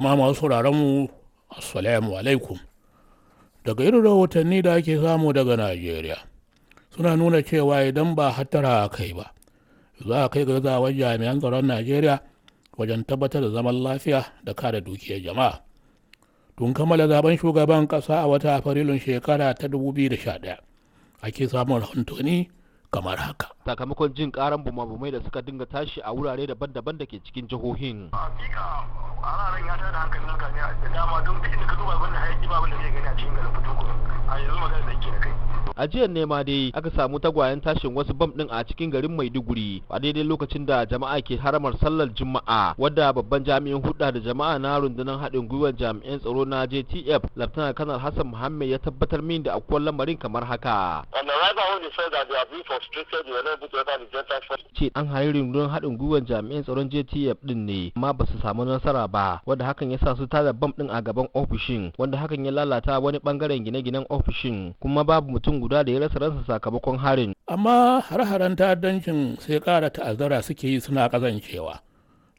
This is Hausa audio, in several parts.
jama'a masu sauraron mu assalamu alaikum daga irin rahotanni da ake samu daga najeriya suna nuna cewa idan ba hattara a kai ba za a kai gazawar jami'an tsaron najeriya wajen tabbatar da zaman lafiya da kare dukiyar jama'a tun kammala zaben shugaban kasa a wata afrilun shekara ta 2011 ake samun rahotanni kamar haka. Sakamakon jin karan bumabumai da suka dinga tashi a wurare daban-daban da ke cikin jihohin. Hakika hararen ya tada hankalin mutane da dama don duk inda ka duba abin da hayaki ba da zai gani a cikin garin Fotokun a yanzu magana da yake da kai. a jiya ne ma dai aka samu tagwayen tashin wasu bam din a cikin garin maiduguri a daidai lokacin da jama'a ke haramar sallar juma'a wadda babban jami'in hudda da jama'a na rundunar haɗin gwiwar jami'an tsaro na jtf laftanar kanar hassan muhammed ya tabbatar min da akwai lamarin kamar haka ce an hari rundunar haɗin gwiwar jami'an tsaron jtf din ne amma ba su samu nasara ba wanda hakan ya sa su tada bam din a gaban ofishin wanda hakan ya lalata wani bangaren gine-ginen ofishin kuma babu mutum guda da ya rasa ransa sakamakon harin. Amma har-haren ta'addancin sai kara ta'azzara suke yi suna ƙazancewa.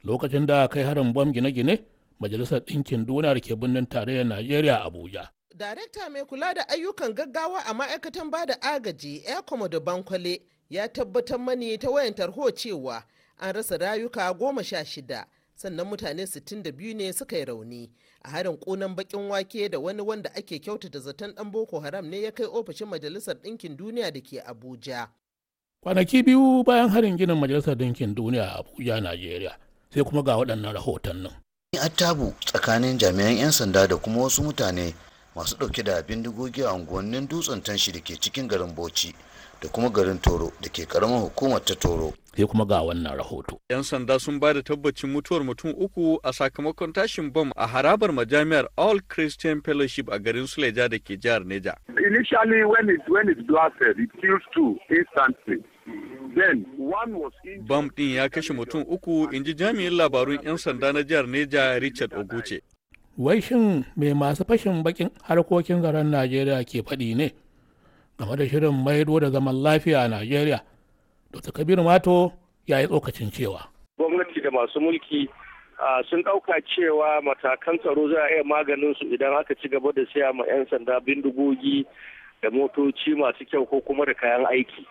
Lokacin da kai harin bom gine-gine, Majalisar Ɗinkin Duniya da ke birnin tarayyar Najeriya Abuja. Darekta mai kula da ayyukan gaggawa a ma'aikatan ba da agaji, Air da Bankwale, ya tabbatar mani ta wayan tarho cewa an rasa rayuka goma sha shida. sannan mutane 62 ne suka yi rauni a harin kunan bakin wake da wani wanda ake kyautata zaton dan boko haram ne ya kai ofishin majalisar ɗinkin duniya da ke abuja kwanaki biyu bayan harin ginin majalisar ɗinkin duniya a abuja nigeria sai kuma ga waɗannan rahoton rahotannin a tabu tsakanin jami'an 'yan sanda da kuma wasu mutane masu ɗauke da bindigogi a unguwannin dutsen tanshi da ke cikin garin bauchi da kuma garin toro da ke karamar hukumar ta toro sai kuma ga wannan rahoto. 'Yan sanda sun ba da tabbacin mutuwar mutum uku a sakamakon tashin bom a harabar majami'ar All Christian Fellowship a garin Suleja da ke jihar Neja. Initially when it when it blasted it kills two instantly. Bam ɗin ya kashe mutum uku in ji jami'in labarun 'yan sanda na jihar Neja Richard Oguche. Wai shin mai masu fashin bakin harkokin zaren Najeriya ke faɗi ne game da shirin maido da zaman lafiya a Najeriya Dr. Kabiru Mato ya yi tsokacin cewa. Gwamnati da masu mulki sun ɗauka cewa matakan tsaro za a iya maganin su idan aka ci gaba da siya ma 'yan sanda bindigogi da motoci masu kyau ko kuma da kayan aiki.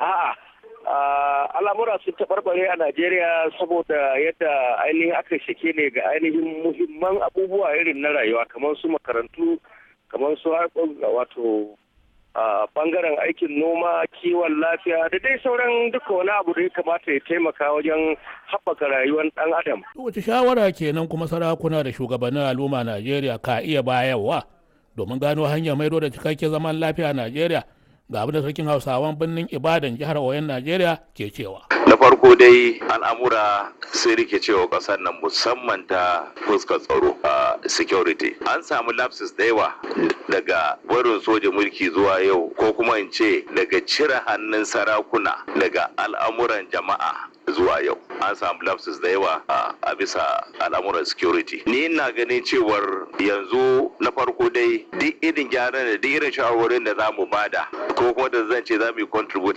A'a, al'amura sun taɓarɓare a Najeriya saboda yadda ainihin aka shake ne ga ainihin muhimman abubuwa irin na rayuwa kamar su makarantu, kamar su wato a bangaren aikin noma kiwon lafiya da dai sauran duka wani abu da ya kamata ya taimaka wajen haɓaka rayuwar ɗan adam. wace shawara kenan kuma sarakuna da shugabannin al'umma najeriya ka iya bayarwa domin gano hanyar maido da cikakken zaman lafiya a najeriya ga abin da sarkin hausawan birnin ibadan jihar oyan najeriya ke cewa na farko dai al'amura sai cewa ƙasar nan musamman ta fuskar tsaro security an samu lapses da yawa daga barin soja mulki zuwa yau ko kuma in ce daga cire hannun sarakuna daga al'amuran jama'a zuwa yau an samu lapses da yawa a bisa al'amuran security ni ina ganin cewar yanzu na farko dai duk irin gyaran da duk irin shawarwarin da za mu bada ko kuma da zan ce za mu yi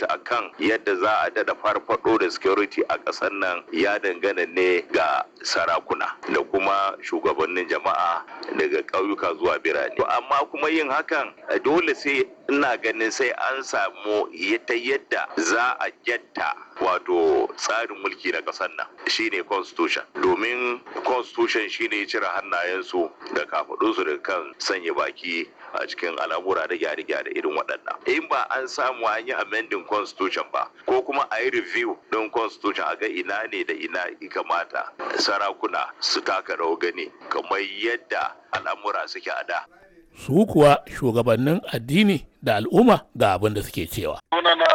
a kan yadda za a dada farfado da security a ƙasar nan ya dangana ne ga sarakuna da kuma shugabannin jama'a daga ƙauyuka zuwa birane amma kuma yin hakan dole sai ina ganin sai an samu ta yadda za a gyatta wato tsarin mulki na ƙasar nan shine constitution domin constitution shine cire hannayensu da kafaɗunsu da kan sanya baki a cikin al'amura da gyare-gyare irin waɗannan in ba an samu an yi amending constitution ba ko kuma a yi review ɗin constitution a ga ina ne da ina kamata sarakuna su taka rawar gani kamar yadda al'amura suke a da su kuwa shugabannin addini da al'umma ga abin da suke cewa. na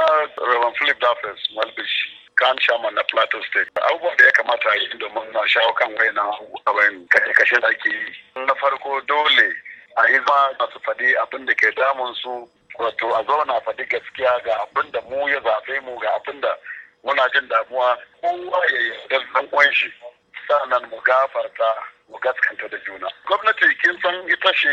Reverend Philip Daffes Malbish, kan shaman na Plateau State. Abubuwa da ya kamata a yi domin na shawo kan waina abin kashe-kashe da ake yi. Na farko dole a yi zama masu faɗi abin da ke damun su wato a zauna faɗi gaskiya ga abin da mu ya zafe mu ga abin da muna jin damuwa kowa ya yi dan shi sannan mu gafarta mu gaskanta da juna gwamnati kin san ita ce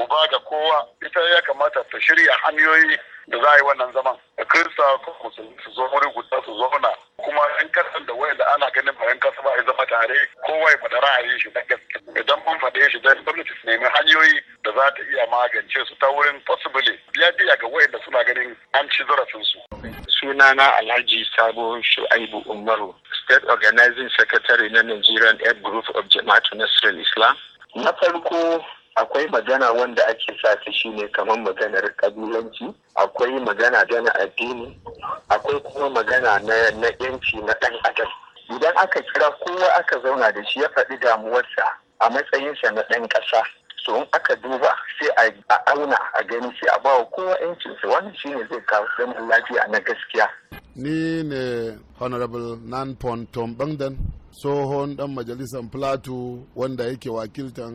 uba ga kowa ita ya kamata ta shirya hanyoyi da za a yi wannan zaman da kirista ko musulmi su zo wuri guda su zauna kuma yan kasan da wayanda ana ganin ba yan kasa ba ya zama tare kowa ya faɗa ra'ayin shi na gaske idan mun faɗe shi dan gwamnati su nemi hanyoyi da za ta iya magance su ta wurin possibly biya biya ga wayanda suna ganin an ci zarafin su sunana alhaji sabo shu'aibu umaru state organizing secretary na Nigerian Aid Group of Jama'atu Nasrul Islam. Na farko akwai magana wanda ake sa ta ne kamar maganar kabilanci, akwai magana na addini, akwai kuma magana na yanci na ɗan adam. Idan aka kira kowa aka zauna da shi ya faɗi damuwarsa a matsayinsa na ɗan ƙasa. to in aka duba sai a auna a gani sai a ba wa kowa yancinsa wannan ne zai kawo zaman lafiya na gaskiya ni ne honorable nanpon tom bangdan tsohon dan majalisar plateau wanda yake wakiltan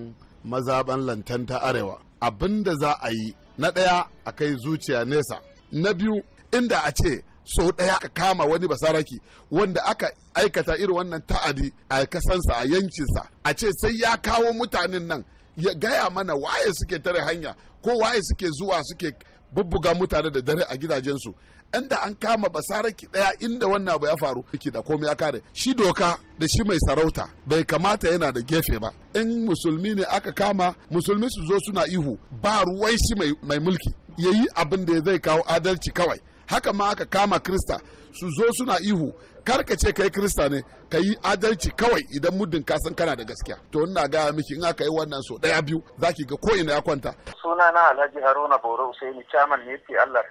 mazaban lantan ta arewa abin da za a yi na ɗaya a kai zuciya nesa na biyu inda a ce sau ɗaya ka kama wani basaraki wanda aka aikata irin wannan ta'adi a kasansa a yankinsa a ce sai ya kawo mutanen nan ya gaya mana waye suke tare hanya ko waye suke zuwa suke bubbuga mutane da dare a gidajensu inda an kama basaraki daya inda wannan ba ya faru ki da komai ya kare shi doka da shi mai sarauta bai kamata yana da gefe ba in musulmi ne aka kama musulmi su zo suna ihu ba ruwai shi mai mulki yayi abin da zai kawo adalci kawai haka ma aka kama krista su zo suna ihu kar ka ce kai krista ne ka yi adalci kawai idan muddin ka san kana da gaskiya to ina gaya miki in aka yi wannan so daya biyu zaki ga ko ina ya kwanta suna na alhaji haruna boro usaini chairman ne allah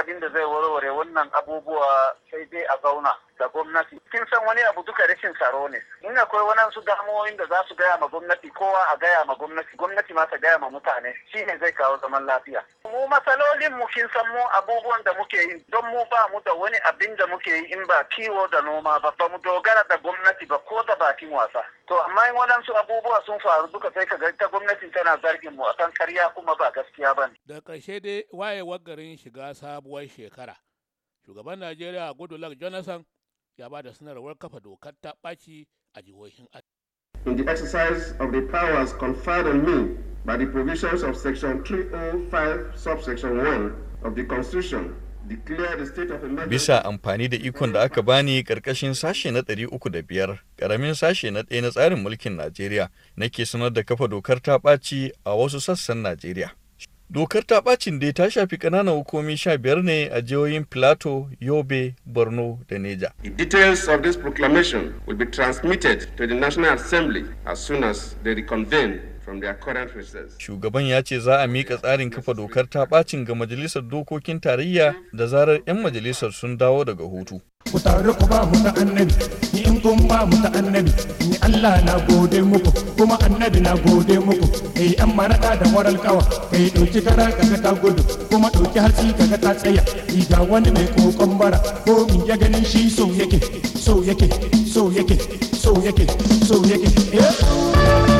abin da zai warware wannan abubuwa sai dai a zauna da gwamnati kin san wani abu duka rashin tsaro ne in akwai wani damuwoyin da za su gaya ma gwamnati kowa a gaya ma gwamnati gwamnati ma ta gaya ma mutane shi ne zai kawo zaman lafiya mu matsalolin mu kin san mu abubuwan da muke yi don mu ba mu da wani abin da muke yi in ba kiwo da noma ba ba mu dogara da gwamnati ba ko da bakin wasa to amma in waɗansu abubuwa sun faru duka sai ka ga ta gwamnati tana zargin mu akan karya kuma ba gaskiya ba ne da ƙarshe dai wayewar garin shiga sabuwar shekara shugaban najeriya goodluck jonathan ya ba da sanarwar kafa dokar ta ɓaci a jihohin In the exercise of the powers conferred on me by the provisions of Section 305, subsection 1 of the Constitution, Bisa amfani da ikon da aka bani ƙarƙashin sashe na 305, ƙaramin sashe na ɗaya na tsarin mulkin Najeriya, nake sanar da kafa dokar ta ɓaci a wasu sassan Najeriya. Dokar ta ɓacin dai ta shafi ƙananan hukumi sha biyar ne a jihohin Plateau, Yobe, Borno da Neja. The details of this proclamation will be transmitted to the National Assembly as soon as they reconvene Shugaban ya ce za a mika tsarin kafa dokar ta ɓacin ga majalisar dokokin tarayya da zarar 'yan majalisar sun dawo daga hutu. Ku tare ku ba mu annabi, ni kun ba mu ta annabi ni Allah na gode muku kuma annabi na gode muku kai an maraka da moral kawa kai dauki kara kaga ta gudu kuma dauki ka ga ta tsaya ni ga wani mai kokon bara ko min ya ganin shi so yake so yake so yake so yake so yake yeah.